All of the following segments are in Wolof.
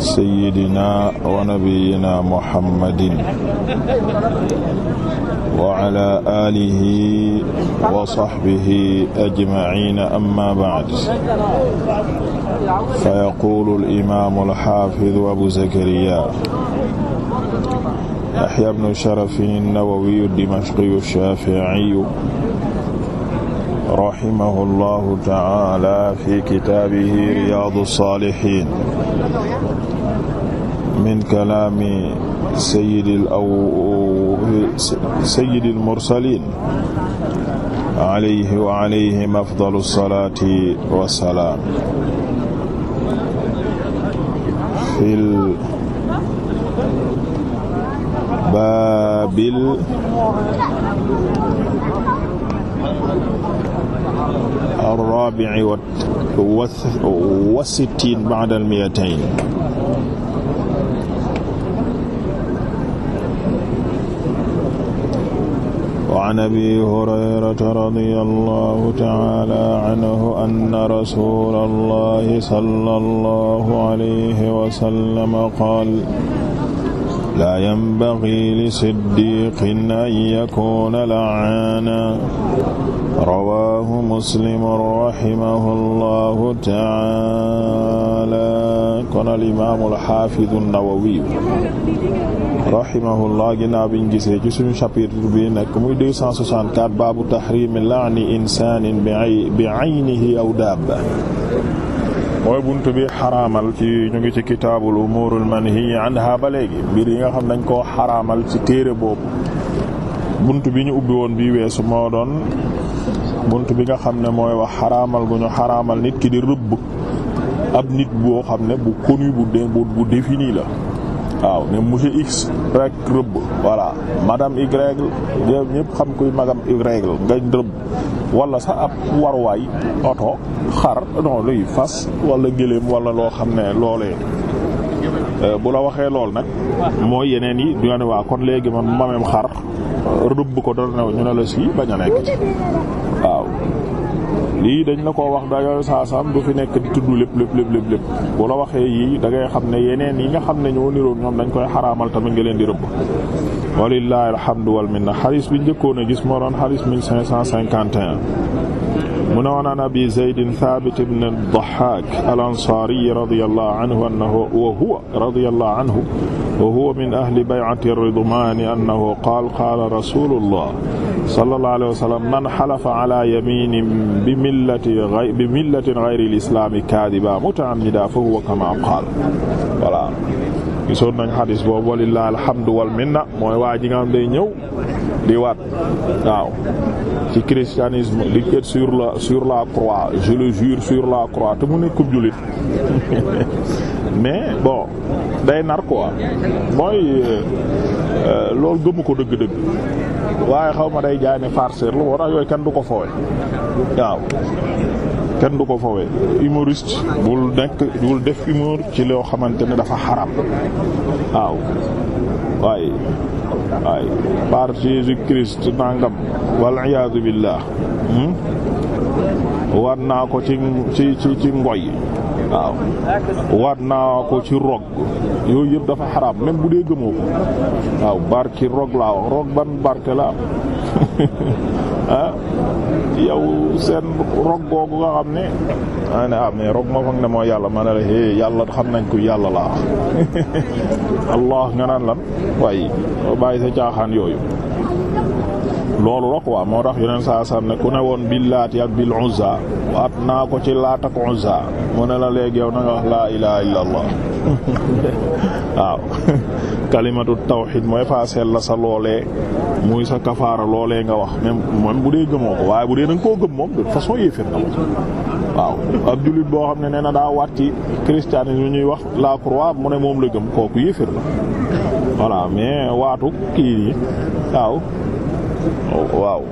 sayyidina wa nabiyyina muhammadin wa ala aalihi wa sahbihi ajmaciina amma bacd fa yaquulu al-imaamu al-xaafidu abu zakariyaa yaxya bnu sharafin an-nawawiyu ad-dimashqiyu ash-shaaficiyu rahimahu llahu taala fi kitaabihi riyaadu saalihiin min kalaami sayyidil aw sayyidil mursaliin alayhi wa alayhim afdalu salaati wa salaam fil baabil arrabi'i wa sittiin ba'da al-mi'atayn wa an abi hurayrata radiyallahu ta'ala anhu anna rasulallahi sallallahu alayhi wa sallam qaala laa yanbaghi li siddiqin an yakuna la'aana rawaahu muslim rahimahu llahu ta'aala kon al imaam al haafiz an-Nawawi rahimahullah ginnaaw biñ gisee ci suñu chapitre bi nekk muy 264 baabu tahriimi la'ni insaanin bi aynihi aw daabba mooy bunt bi xaraamal ci ñu ngi ci kitaabul umuurul manhiyyi anhaa ba léegi mbir yi nga xam dañ koo xaraamal ci téere boobu bunt bi ñu ubbi woon bi weesu moo doon buntu bi nga xam ne mooy wax xaraamal bu ñu xaramal nit ki di rëbb ab nit boo xam ne bu connu bu dé la waaw ne monsieur X rek rëbb voilà madame Y ñëpp xam kuy magam Y nga rëbb wala sax ab waruwaay oto xar non luy fas wala gëléem wala loo xam ne loolee euh, bu la waxee lool nag moo yeneen yi du ne waa kon léegi ma mameem xar bu ko dana new ñu ne la si bañ a nekk waaw lii dañu la koo wax da yooyu saa saam du fi nekk di tudd lépp lépp lépp lépp lépp la waxee yii da xam ne yeneen yi nga xam ne ñoo niroog ñoom dañ koy xaraamal tamit nga leen di rëbb walillahi alhamdu wal minna xadis bi njëkkoon a gis moo doon xadis 1551 mu ne woon an abi zaydin thabit ibn ad-dahhak al-ansari radiyallahu anhu annahu wa huwa radiyallahu anhu wa huwa min ahli bay'ati ar-ridman annahu qaala qaala rasulullah sallallahu alayhi wa sallam man halafa ala yaminin bi millati bi millatin ghayri al-islam kaadiban muta'ammidan fa huwa kama qaala voilà gisoon nañ xadis boobu walillahi alhamdu wal minna mooy waa ji nga xam day ñëw di waat waaw ci christianisme di sur la sur la croix je le jure sur la croix te mu nekkul jullit mais bon day nar quoi mooy euh, loolu gëmu ko dëgg-dëgg waaye xaw ma day jaay ne farceur la wala yooyu kenn du ko foowe waaw kenn du ko foowe humoriste bul nekk bul def humour ci loo xamante ne dafa xaram waaw waaye waay par Jésus Christ nangam wal iyaadu billah hmm? war naa ko ci ci ci ngoy waaw war naa ko ci rog yooyu yëpp dafa xaraam même bu dee gëmoo ko waaw barki rog laa wax rog ban barke la ci yow seen rog googu nga xam ne ma ah ne ah mais ma foog ne mooy yàlla ma ne la é yàlla xam nañ ko yàlla laa allah nga naan lan waaye bàyyi sa caaxaan yooyu loolu la quoi moo tax yeneen saa sam ne ku ne woon billaati ak naa ko ci laat ak uzza mu ne la léegi yow na nga wax laa ilaha illa waaw kalimatu tawhid mooy faaseel la sa loolee muy sa kafaara loolee nga wax même même bu dee gëmoo ko waaye bu dee da koo gëm moom de façon yéefér na moom waaw ab jullit boo xam ne nee na daa waat ci christianisme ñuy wax la croix mu ne moom la gëm kooku yéefér la voilà mais waatu kii nii waaw waaw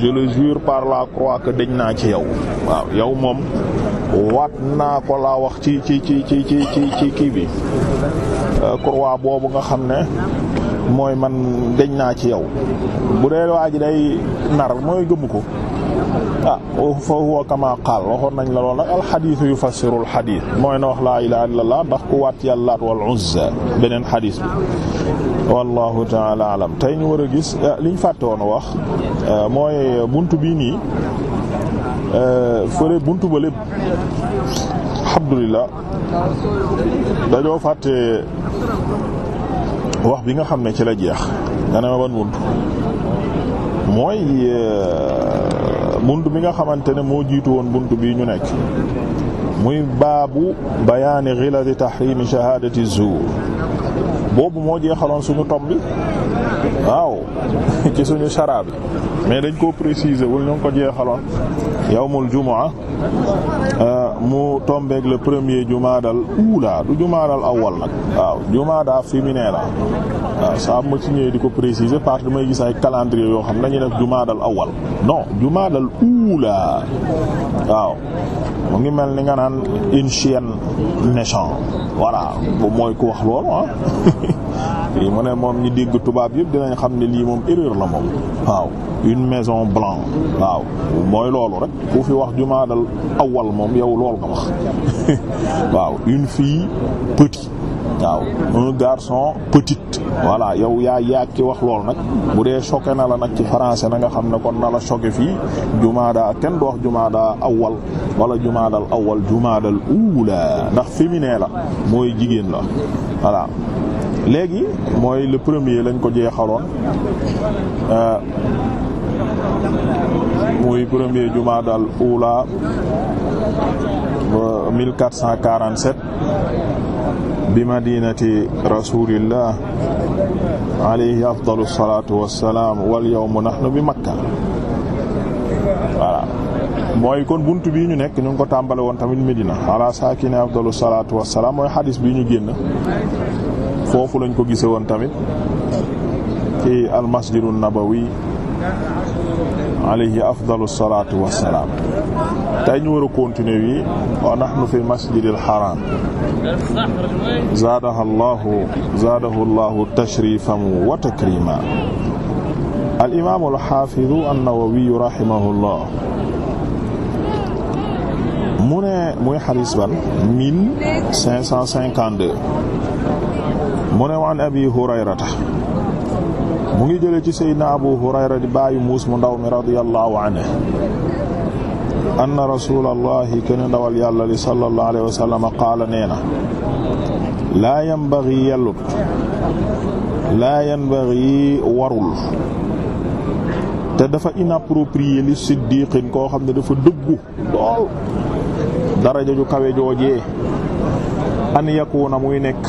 je le jure par la croix que dañ naa ci yow waaw yow moom waat naa ko laa wax ci ci ci ci ci ci ci kii bi euh, croix boobu nga xam ne mooy man dañ naa ci yow bu dee waa ji day nar mooy gëmu ko ah fa huwa kama qaal waxoon nañ la lool nag alxadiisu yufassiru alxadiis mooy na wax laa ilaaha illallaah ndax beneen xadiis bi taala alam tey ñu war a gis ah, liñ fàtte woon wax ah, mooy bunt bii nii ah, fële bunt ba lépp alhamdulillah dañoo fàtte wax bi nga xam ne ci la jeex nga ma ban bunt mooy bunt bi nga xamante ne moo jiitu woon bunt bii ñu nekk muy baabu bayaani ghilati tahrimi shahadati zuur boobu moo jeexaloon suñu tom bi waaw ci suñu chara bi mais dañ koo préciser wul ñu ngi ko jeexaloon yawmul jumaa euh, mu tombeeg le premier jumaadal uula du jumaadal awal nag waaw jumaada féminin la waaw saa ma ci ñëwee di ko préciser parce que may gis ay calendrier yoo xam nañu def jumaadal awwal non jumaadal uula waaw mu ngi mel ni nga naan une chienne naissante voilà mooy ku wax loolu ah fii mu ne moom ñi dégg tubaab yëpp dinañ xam ne lii moom erreur la moom waaw une maison blanche waaw mooy loolu rek ku fi wax jumaadal awal moom yow loolu nga wax waaw une fille petite waaw un garçon petite voilà yow yaa yaag ci wax lool nag bu dee choqué na la nag ci français na nga xam ne kon na la fi fii jumaada kenn du wax jumaada awal wala jumaadal awal jumaadal uula ndax féminin la mooy jigéen la voilà léegi mooy le premier lañ ko jeexaloon euh, muy premier jumaadal ula 1447 bi madinati rasulillah alayhi afdalu salatu wassalam wal yawmu nahnu bi makka voilà mooy kon bunt bii ñu nekk ñu ngi ko tàmbale woon tamit Medina ala saakini afdalu salatu wassalam mooy xadis bii ñu génn foofu lañ ko gise woon tamit ci almasjidu nabawi alayhi afdalu salaatu wassalaam tey ñu war a wi wa fi masjidil haram zaadaha allahu zaadahu allahu tashrifan wa takrima al mu ne muy xadis ban mu ne waan abi hurayrata mu ngi jële ci seydina abu hurayra di muus mu ndaw mi radiyallahu anhu anna rasulallahi ken ndawal yàlla li sallallahu nee na laa yanbaghi yellut laa yanbaghi warul te dafa inapproprié li koo xam ne dafa dëggu daraja ju kawe joojee an yakuna muy nekk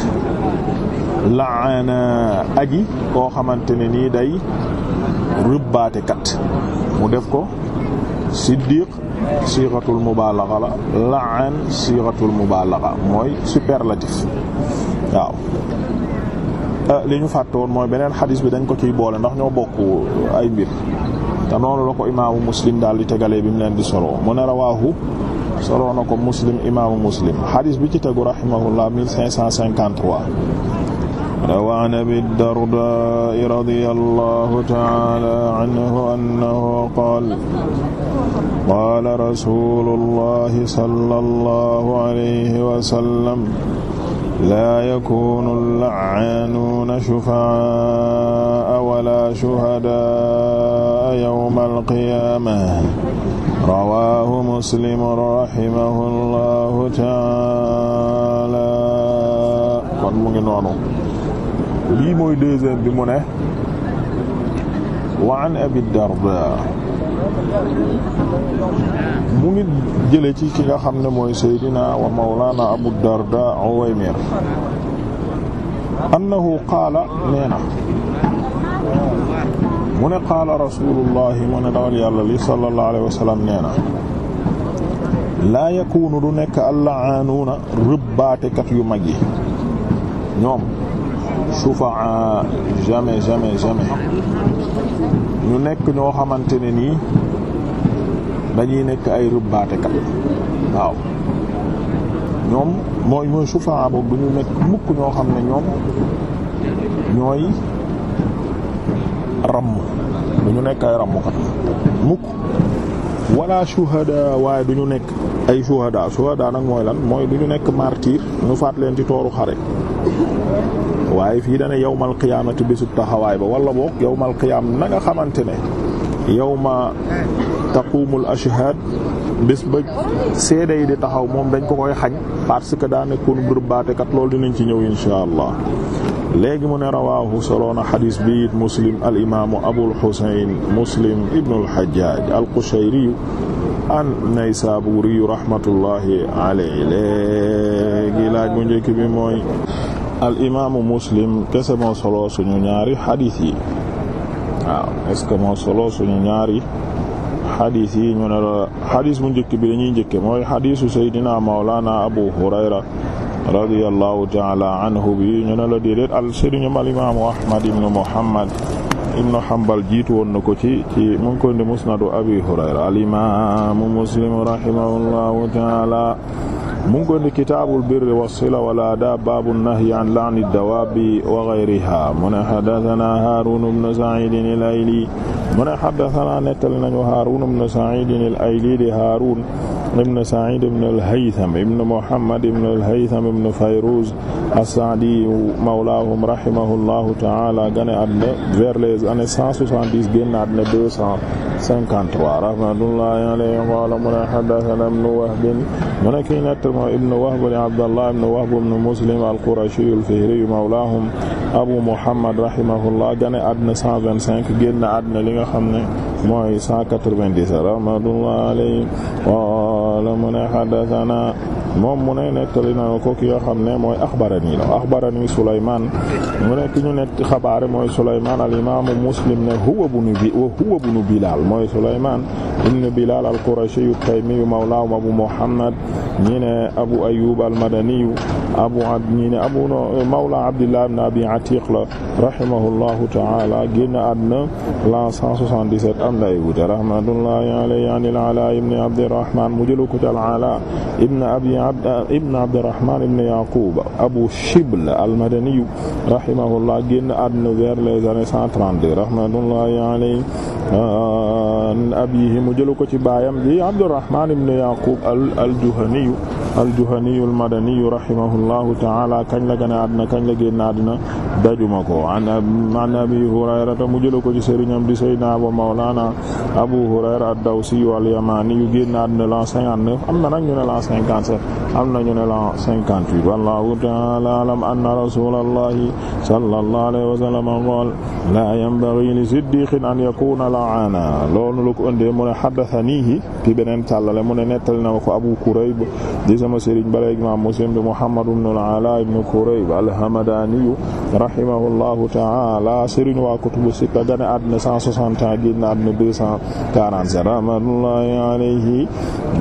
laana aji koo xamante ne nii day rëbbaatekat mu def ko siddiq siixatul mubaalaxa la laan siixatul mubaalaxa mooy superlatif waaw ah, li ñu fàtte woon mooy beneen xadis bi dañ ko ciy boole ndax ñoo bokk ay mbir te noonu la ko imaamu muslim daal di tegalee bi mu leen di solo mu ne rawaahu solo na ko muslim imaamu muslim xadis bi ci tegu rahimahullah 1553 وعن أبي الدرداء رضي الله تعالى عنه أنه قال قال رسول الله صلى الله عليه وسلم لا يكون اللعانون شفعاء ولا شهداء يوم القيامة رواه مسلم رحمه الله تعالى kon mu ngi noonu lii mooy deuxième bi mu ne wa an abi darda mu ngi jële ci ki nga xam ne mooy seydina wa mawlana abu darda uwaymir annahu qaala nee mu ne qaala rasulullahi mu ne dawal yàlla sallallahu alayhi wa sallam nee na laa yakunu du nekk allaanuuna rëbbaatekat yu mag yi ñoom shufaa jamais jamais jamais ñu nekk ñoo xamante ne nii dañuy nekk ay rëbbaatekat waaw ñoom mooy mooy shufaa boobu bu ñu nekk mukk ñoo xam ne ñoom ñooy ramm bu ñu nekk ay rammukat mukk wala shuhada waaye du ñu nekk ay shuhada shuhada nag mooy lan mooy du ñu nekk martyr ñu faat leen ci tooru xare waaye fii dane yawmal qiyaamati bésub taxawaay ba wala boog yawmal qiyaam na nga xamante ne yawma taqumul ashhad bés ba seede yi di taxaw moom dañ ko koy xañ parce que daa nekkoon rëbbaatekat loolu dinañ ci ñëw insha allah léegi mu ne rawaahu soloona xadis bi it muslim al imaamu abul xusayn muslim ibnul xajjaaj al qushayriyu an naysaabuuriyu rahmatullahi alayhi laaj mu njëkk bi mooy al imaamu muslim kese moo solo suñu ñaari xadis yi waaw est-ce que moo suñu ñaari xadis yi ñu ne la xadis njëkk bi dañuy njëkke mooy xadisu abu hurayra radiyallahu taala anhu bi ñu ne la déedéet al sëriñum al imaamu ahmad ibnu muhammad ibnu hanbal jiitu woon na ko ci ci mu ngi koy ndi musnadu abi hurayra al imaamu muslim rahimahullahu taala mu ngi koy ndi kitaabul birri wassila wala da baabu nahyi an la'ni dawaabi wa ghayriha mu ne haddathana haarun ibnu sa'id al ayli mu ne haddathana nettali nañu haarun ibnu sa'id al ayli di haarun ibn Sa'id ibn al-Haytham ibn Muhammad ibn al-Haytham ibn Fayruz as-Sa'di mawlahum rahimahullahu ta'ala gane àddina vers les années cent soixante-dix génn àddina deux cent cinquante-trois rahmatullahi alayhi qala mu ne haddathana ibn Wahb mu ne kii nett moo ibn Wahb ibn Abdallah ibn Wahb ibn Muslim al-Qurashi al-Fihri mawlahum Abu Muhammad rahimahullah gane àddina cent vingt-cinq génn àddina li nga xam ne mooy 197 rahmatullah alayhi qaala mu ne xaddatana moom mu ne nettali na ko ki nga xam ne mooy axbarani la axbarani Sulaymaan mu ne ki ñu nekk xabaare mooy Sulaymaan al imaamu Muslim ne huwa ibnu bi wa huwa ibnu Bilaal mooy Sulaymaan ibnu Bilaal al Qurashiyu at-Taymiyu mawlaahum Abu Muhammad ñi ne Abu Ayyuub al abu ab Abdullah ibn Abi Atiq la rahimahullahu ta'ala génn àddina la 177 am na ay wuute rahmatullahi alayhi an al-Alaa bokk ci al-Alaa ibn abi abd ibn Abdurrahmaan ibn Yaquub Abu Shibl al-Madani rahimahullah génn àdduna vers les années 132 rahmatullahi alayhi an abiihi mu jëlu ko ci baayam bi Abdurrahmaan ibn Yaquub al-Juhani al-Juhani al-Madani rahimahullahu ta'aala kañ la gën a àdduna kañ la génn àdduna dajuma ko an an abi hurayrata mu jëla ko ci sëriñam di sayyidina wa mawlana abu hurayra ad-dawsi al-yamani yu génn àddina l'an cinquante-neuf am na nag ñu ne l'an cinquante-sept am na ñu ne l'an cinquante-huit wallahu ta'ala a'lam anna rasulallahi sallallahu alayhi wa sallam qala la yanbaghi li siddiqin an yakuna la'ana loolu la ko ëndee mu ne haddathanihi ci beneen tàllale mu ne nettali na ma ko abu kurayb di sama sëriñ bala imam muslim bi muhammad ibn al-ala ibn kurayb al-hamadani rahimahullahu ta'ala sëriñ waa kutubu sitta gane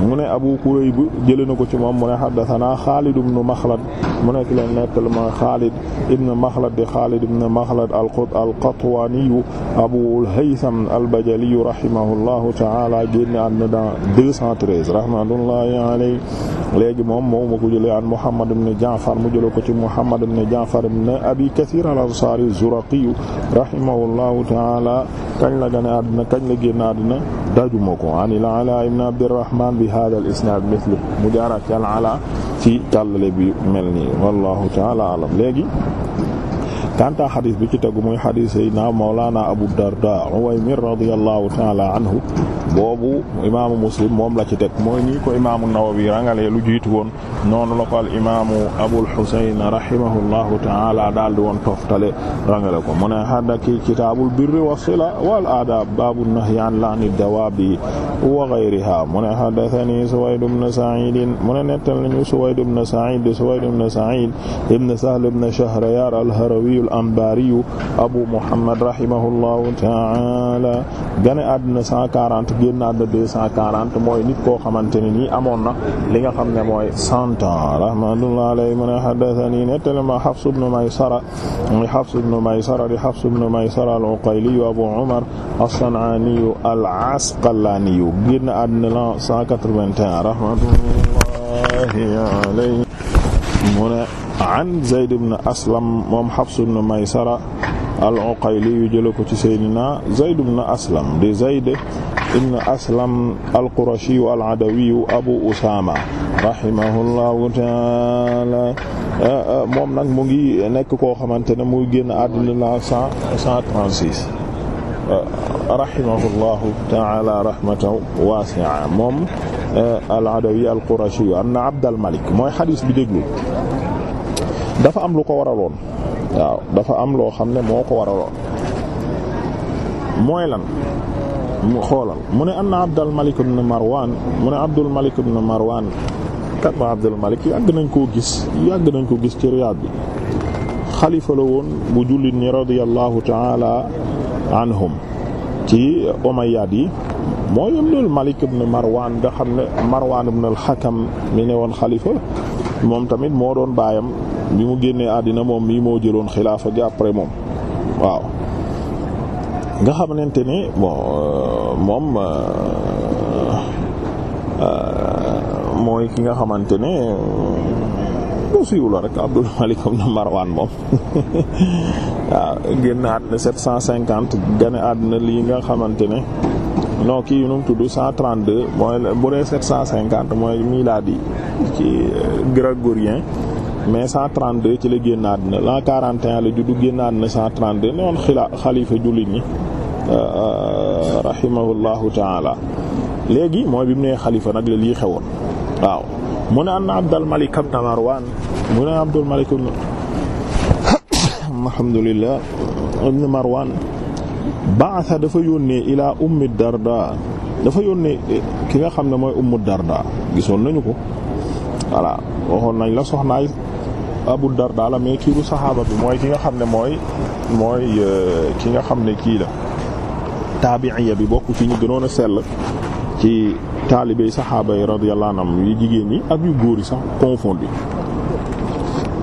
mu ne Abu Kurayb jëlee na ko ci moom mu ne haddathana Xaalid ibn Maxlad mu nekk leen nettal ma Xaalid ibn Maxlad di Xaalid ibn Maxlad al-Qatwaaniyu Abul Haytham al-Bajaliyu rahimahullahu ta'ala génn àddina dans 213 rahmatullahi alayhi moo ma ko jëlee an mu jëlee ko ci Muhammad ibn Ja'far ibn Abi Kathir Kasiir al-Ansaari Zuraqiyu rahimahullahu ta'ala kañ la gane àddina kañ la génn àddina dajuma ko an al-Alaa ibn Abdirrahmaan bi haadha al-isnaad mithlu mu jaaraat ci al-Alaa ci tallale bi mel nii wallahu ta'ala a'lam léegi kanta xadis bi ci tegu muy xadis sayyidina mawlana abu darda uwaymir radiyallahu taala anhu boobu imaamu muslim moom la ci teg mooy nii ko imaamu nawawi rangalee lu jiitu woon noonu la ko al imaamu abul husayn rahimahullahu taala daal di woon toftale rangale ko mu ne hadda ki kitaabul birri wassila wal aadab baabu nahyi an la'ni dawaabi wa ghayriha mu ne haddathani suwayd ibn sa'id mu ne nettal nañu suwayd ibn sa'id suwayd ibn sa'id ibn sahl ibn shahriyar al-harawi al-Anbariyu Abu Muhammad rahimahullahu ta'ala gane àddina 140 génn àddina 240 mooy nit koo xamante ne nii amoon na li nga xam ne mooy 100 ans rahmatullahi alayhi man haddathani nettalema Hafs ibn Maysara Hafs ibn Maysara di Hafs ibn Maysara al-Uqayliyu Abu Umar as-San'aniyu al-Asqalaniyu génn àddina la 181 rahmatullahi alayhi mu ne an Zayd ibn Aslam moom Hafs ibn Maysara al-Uqayli yu jële ko ci Seydina Zayd ibn Aslam di Zayd ibn Aslam al-Qurashi al-Adawi Abu Usama rahimahullahu ta'ala moom nag mu ngi nekk koo xamante ne muy génn àddina la cent cent trente-six rahimahullahu ta'ala rahmatan wasi'a moom al-Adawi al-Qurashi anna Abd al-Malik mooy hadiis bi dafa am lu ko waraloon waaw dafa am loo xam ne moo ko waraloon mooy lan mu xoolal mu ne anna Abdul Malik ibn Marwan mu ne Abdul Malik ibn Marwan kat ma yàgg nañ koo gis yàgg nañ ko gis ci Riyad bi xalifa la woon bu jullit ñi radiyallahu ta'ala anhum ci Umayyad yi mooy Abdul Malik ibn Marwan nga xam ne Marwan ibn al mi ne woon xalifa moom tamit moo doon baayam bi mu génnee àddina moom mii moo jëloon xilaafa gi après moom waaw nga xamante ni bon euh, moom euh, euh, mooy ki nga xamante ne bu siiw la rek Abdul Malik ibn Marwan moom waaw génn àddina gane àddina lii nga xamante ne noo kii nu mu tudd cent trente-deux mooy bu dee mooy milaadi ci grégorien mais 132 ci la génn àddina l'an 41 la juddu génn àddina 132 ne woon xila xalifa jullit ñi euh, euh, rahimahullahu taala léegi mooy bi mu nee xalifa nag la lii xewoon waaw mu ne anna Abdul Malik ibn Marwan mu ne Abdul Malik alhamdulillah ibn Marwan ba'atha dafa yónnee ila ummi Darda dafa yónnee ki nga xam ne mooy ummu Darda gisoon nañu ko voilà waxoon nañ la soxnaay Abu dar la mais kii du saxaaba bi mooy ki nga xam ne mooy mooy euh, ki nga xam ne kii la taabi'iyya bi bokk ci ñu gënoon a sell ci taalibey saxaaba yi radiyallahu anhum yu jigéen ñi ak yu góor yi sax confondu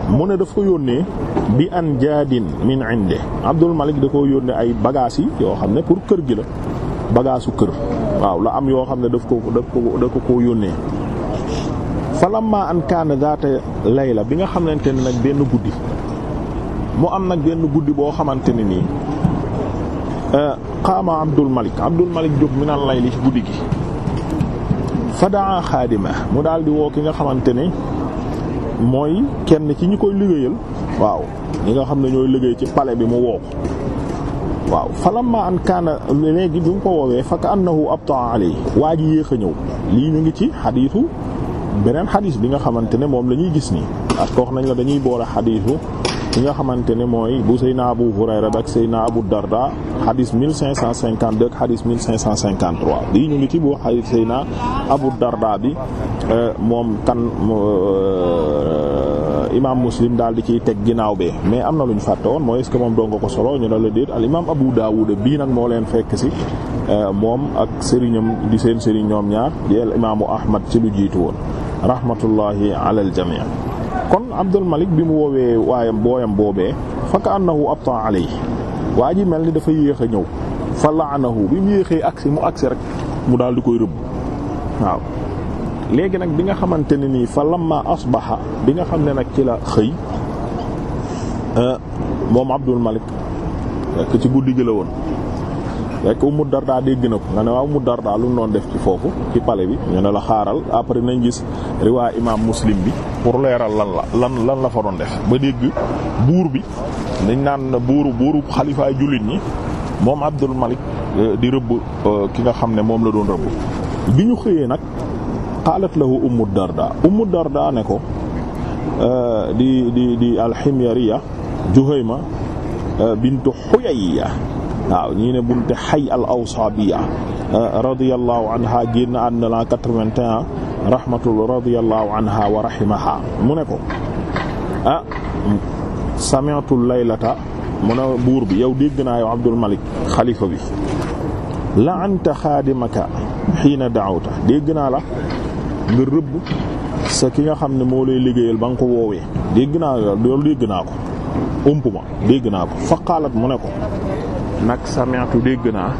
mu ne daf ko yónnee bi an jaadin min inde Abdul Malik da ko yónnee ay bagages yi yoo xam ne pour kër gi la bagage su kër waaw la am yoo xam ne daf ko daf ko da ko koo yónnee falamma an kaana zaata layla bi nga xamante ne nag benn guddi mu am nag benn guddi boo xamante ne nii euh, qaama Abdul Malik Abdul Malik jóg min al layli ci guddi gi fa xaadima mu daal di woo ki nga xamante ne mooy kenn ci ñi koy liggéeyal waaw ñi nga xam ne ñooy liggéey ci palais bi mu woo ko waaw falamma an kaana léegi bi mu annahu abtaa alayhi waa ji yéex a ñëw lii ñu ngi ci xadiisu beneen xadis bi nga xamante ne moom la ñuy gis nii parce que nañ la dañuy boole xadisu bi nga xamante ne mooy bu Seyna Abu Hurayra ak Seyna Abu Darda xadis 1552 ak xadis 1553 lii ñu ngi ci bu xadis Seyna Abu Darda bi euh, moom kan euh, imaam Muslim daal di ciy teg ginnaaw bee mais am na lu ñu fàtte woon mooy est moom doon nga ko solo ñu ne la déet al imaam Abu Daawuda bii nag moo leen fekk si euh, moom ak seriñam di seen sëriñ ñoom ñaar di al imaamu Ahmad ci lu jiitu woon. rahmatullahi ala aljamii kon Abdul Malik bi mu woowee waayam booyam boobee fa ka annahu abta alayhi waa ji mel ni dafa yéex a ñëw fa laanahu bi mu yéexee agsi mu agsi rek mu daal di koy rëbb waaw léegi nag bi nga xamante ne nii fa lamma asbaha bi nga xam ne nag ci la xëy euh, moom Abdul Malik fekk ci guddi gi la woon rek Ummu Darda dégg na ko nga ne waaw Ummu Darda lu mu doon def ci foofu ci pale bi ñu ne la xaaral après nañ gis riwaa imaam muslim bi pour leeral lan la lan lan la fa doon def ba dégg buur bi dañ naan buuru buuru xalifaay jullit ñi moom Abdul Malik euh, di rëbb euh, ki nga xam ne moom la doon rëbb bi ñu xëyee nag qaalat lahu Ummu Darda Ummu Darda ne ko euh, di di di alximyariya ma bintu Huyayya waaw ñii ne binte Hayy al-Awsaabiya eh, radiyallahu anha génn àddina la 81 rahmatul anha wa rahimaha mu ne ko ah sami'tu laylata mu ne buur bi yow xalifa bi la anta xaadimaka xiina daawta dégg la nga rëbb sa ki nga xam ne moo lay liggéeyal ba nga ko woowee dégg naa loolu dégg ko nag sami'tu dégg naa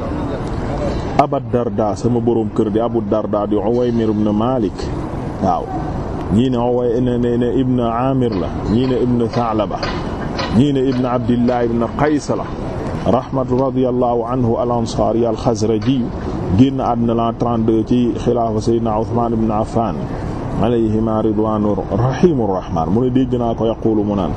Abu Darda sama boroom kër di Abu Darda di Uwaymir ibn Malik waaw ñii ne Uway ne ne ibn Amir la ñii ne ibn Tha'laba ñii ne ibn Abdillah ibn Qays la rahmat radiyallahu anhu al-Ansari al-Khazraji génn àddina la 32 ci xilaafa Sayyidina Uthman ibn Affan alayhima ridwanu rahimur rahman mu ne dégg naa ko yaqulu mu naan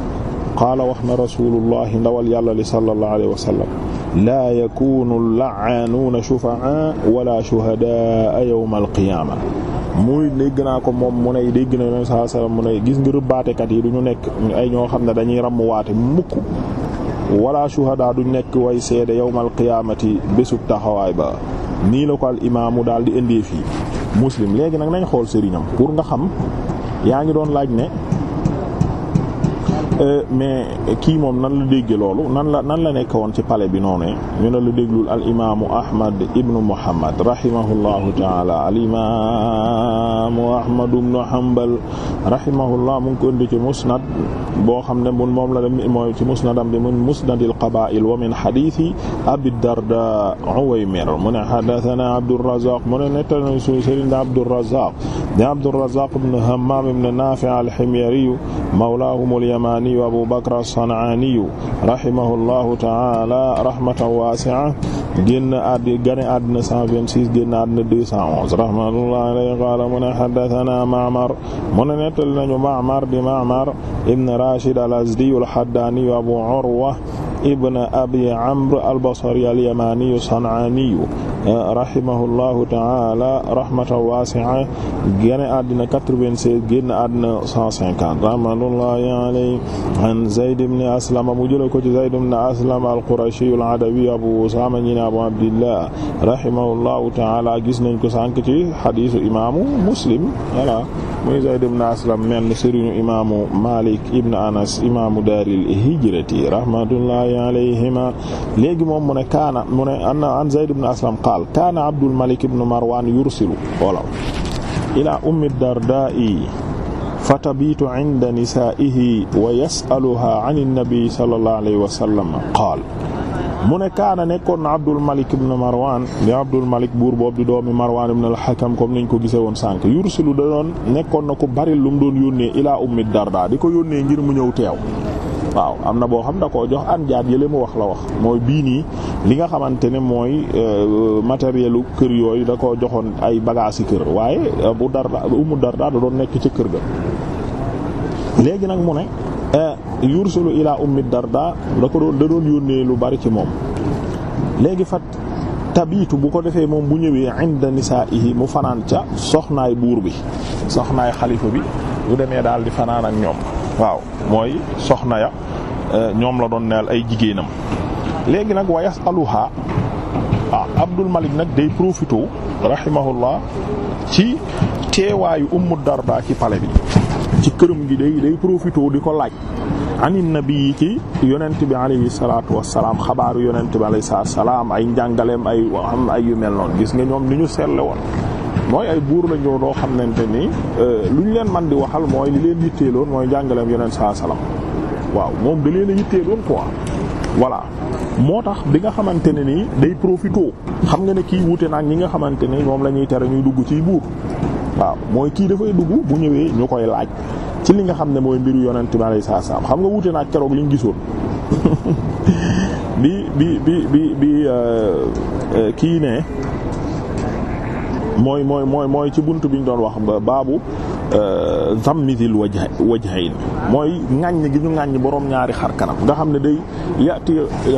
qaala wax na rasulullahi ndawal yàlla li sallallahu alayhi wa sallam laa yakunu la'aanuuna shufa'aa wala shuhadaa yawma alqiyaama muy dégg naa ko moom mu ne dégg na Yonent sallallahu alayhi mu ne gis nga rëbbaatekat yi du ñu nekk ay ñoo xam ne dañuy ramm waate mukk wala shuhadaa duñ nekk way seede yawma alqiyaamati bésub taxawaay ba nii la ko al imaamu daal di indee fii Muslim léegi nag nañ xool sëriñam pour nga xam yaa ngi doon laaj ne. Euh, mais kii moom nan la dégge nan la nan la nekk woon ci palais bi noonu ñu ne la déglul al imaamu ahmad ibnu muhammad rahimahullahu taala al imaamu ahmad ibnu hanbal rahimahullah mu ngi ko indi ci musnad boo xam ne mun moom la dem mooy ci musnadam bi mun musnadil qabaa'il wa min hadiisi abi darda uwaymir mu ne haddathana abdurrazzaq mu ne nettana suñu da abdurrazzaq da abdurrazzaq ibnu hammaam ibnu naafi' al-himyari mawlaahum al-Baghdadi wa Abu Bakr as-San'ani rahimahullahu ta'ala rahmatan wasi'a génn àddina gane àddina 126 génn àddina 211 rahmatullahi alayhi qaala mu ne haddathana Ma'mar mu ne nettali nañu Ma'mar di Ma'mar ibn Rashid al-Azdi al-Haddani Abu Urwa ibn Abi Amr al-Basri al-Yamani as-San'ani rahimahullahu taala rahmatan waasi'a génn àddina 96 génn àddina 150 rahmatullahi alayhi an Zayd ibn Aslam mu jël ko ci Zayd ibn Aslam al-Qurashi al-Adawi Abu Usaama ñi ne Abu Abdillah rahimahullahu taala gis nañ ko sànq ci hadiisu imaamu Muslim voilà muy Zayd ibn Aslam men sëriñu imaamu Maalik ibn Anas imaamu daaril hijrati rahmatullahi alayhima léegi moom mu ne kaana mu ne an Zayd ibn Aslam qaal kaana Abdul Malik ibn Marwan yursilu wala ila ummi Dardaa'i fatabiitu inda nisaa'ihi wa yas'aluhaa an an-nabi sallallahu alayhi wa sallam qaal mu ne kaana nekkoon na Abdul Malik ibn Marwan di Abdul Malik buur boobu di doomi Marwan ibn al-Hakam niñ ko gisee woon sànq yursilu da doon nekkoon na ko bari lu mu doon yónnee ilaa ummi Dardaa di ko yónnee ngir mu ñëw teew waaw am na boo xam da koo jox an jaat yële mu wax la wax mooy bii nii li nga xamante ne mooy euh, matériel u kër yooyu da koo joxoon ay bagages kër waaye euh, bu Darda Ummu Darda da doon nekk ci kër ga léegi nag mu ne euh, yursulu ila Ummi Darda da ko doon da doon yónnee lu bari ci moom léegi fa tabiitu bu ko defee moom bu ñëwee inda nisaa'ihi mu fanaan ca soxnaay buur bi soxnaay xalifa bi bu demee daal di fanaan ñoom waaw mooy soxna ya euh, ñoom la doon neel ay jigéenam léegi nag wa yasaluha ah Abdul Malik nag day profité rahimahullah ci teewaayu Ummu Darda ci pale bi ci këram gi day day profité di ko laaj anin nabi ci yonent bi alayhi salaatu wassalaam xabaaru yonent bi alayhi salaam ay njàngaleem ay am ay yu mel noonu gis nga ñoom ni ñu seetle woon mooy ay buur la ñëw doo xamante ni euh, lu ñu leen man di waxal mooy li leen yitteeloon mooy jàngaleem yonent saa salaam waaw moom da leen yitteeloon quoi voilà moo tax bi nga xamante ne nii day profité xam nga ne kii wuute naag ñi nga xamante ni moom la ñuy tere ñuy dugg ci buur waaw mooy kii dafay dugg bu ñëwee ñu koy laaj ci li nga xam ne mooy mbiru yonent bi alayhi saam xam nga wuute naag keroog liñ gisoon bi bi bi bi bi euh, euh, kii ne. mooy mooy mooy mooy ci bunt bi ñu doon wax baabu euh, zammidil wajha wajhayn mooy ŋàññ gi ñu ŋàññ boroom ñaari xar kanam nga xam ne day yati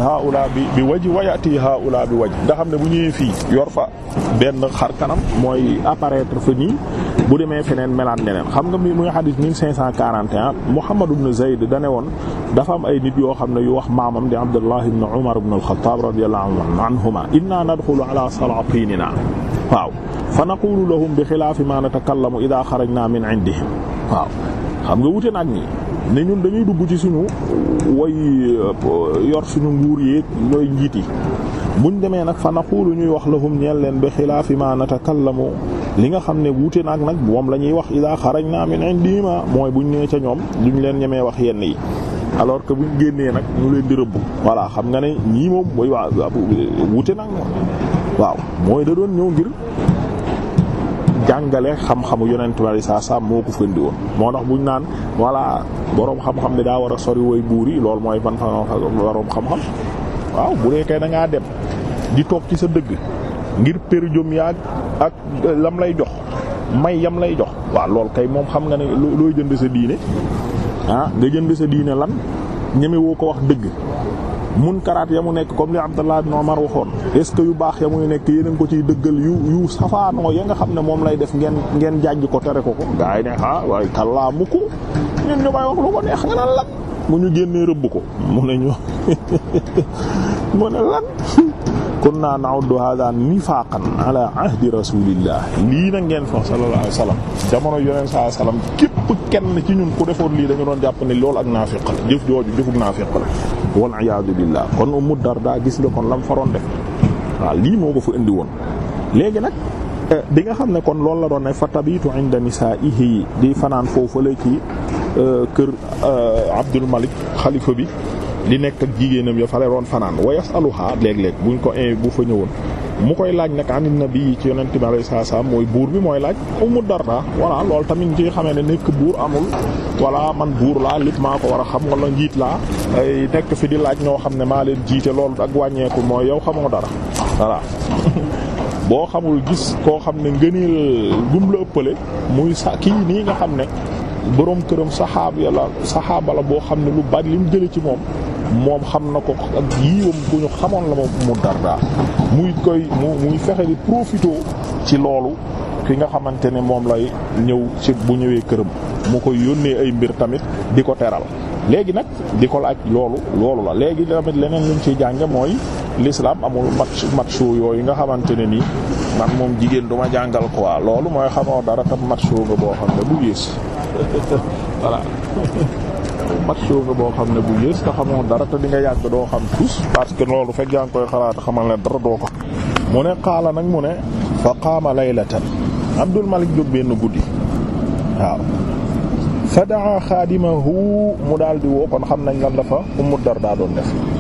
haula bi bi waj wa yati haula bi waj nga xam ne bu ñëwee fii yor fa benn xar kanam mooy apparaître fa nii bu demee feneen melaat neneen xam nga muy xadis 1541 Muhammad ibn Zayd da ne woon dafa am ay nit yoo xam ne yu wax maamam di Abdullah ibn Umar ibn al-Khattab radiyallahu anhuma inna nadxulu ala naa waaw fa naqulu lahum bi xilaafi ma natakallamu ida xarajna min indihim waaw xam nga wute nag nii ne ñun dañuy dugg ci suñu way euh, yor suñu nguur yi ñooy njiit yi buñ demee nag fa naqulu ñuy wax la lahum ñeel leen bi xilaafi ma natakallamu li nga xam ne wuute naag nag moom la ñuy wax ida xarajna min indihim mooy buñ nee ca ñoom duñ leen ñemee wax yenn yi alors que buñ génnee nag ñu leen di rëbb voilà xam nga ne ñii moom way waa wute nag moom waaw mooy da doon ñëw jàngale xam-xamu yonent bi saa saa moo ko fëndi woon moo tax buñ naan voilà boroom xam-xam bi daa war a sori woy buur yi loolu mooy ban boroom xam-xam waaw bu dee kay dem di toog ci sa dëgg ngir péréjom yaag ak lam lay jox may yam lay jox waa lool kay moom xam nga ne looy jënd sa diine ah nga jënd sa diine lan ñeme ko wax dëgg munkaraat ya mu nekk comme li Abdallah ibn Umar waxoon est ce que yu baax ya muy nekk yéen ko ciy dëggal yu yu safaanoo ya nga xam ne moom lay def ngeen ngeen jàjj ko tere ko ko gaa yi ne ah waaye kallaa mukk ñun ñu may ko neex nga naan mu ñu génnee rëbb ko mu ne ñu mu ne lan kunna na'uddu hadha nifaqan ala ahdi rasulillah lii na ngeen fa sallallahu alayhi wasallam jamono yoneen saa sallam képp kenn ci ñun ku defoon lii dañu doon jàpp ne loolu ak naafiq la jëf jooju jëfuk naafiq la wal iyaadu billah kon Ummu daa gis nga kon lam faroon def waa lii moo ko fa indi woon léegi nag eh, bi nga xam ne kon loolu la doon ne fa tabitu inda nisaihi di fanaan foofu la ci eh, kër eh, Abdul Malik xalifa bi di nekk ak jigéenam ya fa la doon fanaan wa yasaluha léeg-léeg buñ ko bu fa ñëwoon mu koy laaj nag an nabi yi ci yonent bi alayhi mooy buur bi mooy laaj Ummu Darda voilà loolu tamit ci xamee ne nekk buur amul voilà man buur laa lépp maa ko war a xam wala njiit laa ay nekk fi di laaj ñoo xam ne maa leen jiite loolu ak wàññeeku mooy yow xamoo dara voilà boo xamul gis koo xam ne ngëneel gum la ëppale muy sa kii nii nga xam ne boroom këram saxaaba la saxaaba boo xam ne lu bari lim jële ci moom moom xam na ko ak yiiwam ku ñu xamoon la mu dardaa muy koy mu fexe di profiter ci loolu ki nga xamante ne moom lay ñëw ci bu ñëwee këram mu koy yónnee ay mbir tamit di ko teral léegi nag di ko laaj loolu loolu la léegi tamit leneen luñ ciy jànge mooy lislaam amul match matchu yooyu nga xamante ne nii man moom jigéen du ma jàngal quoi loolu mooy xamoo dara tam matchu nga boo xam ne bu yées voilà match nga boo xam ne bu yées te xamoo dara te di nga yàgg doo xam tus parce que loolu fekk yaa ngi koy xalaat xamal ne dara doo ko mu ne xaala nag mu ne fa qaama laylatan Abdul Malik jóg benn guddi waaw fa daa xaadimahu mu daal di woo kon xam nañ la dafa Ummu Dardaa doon def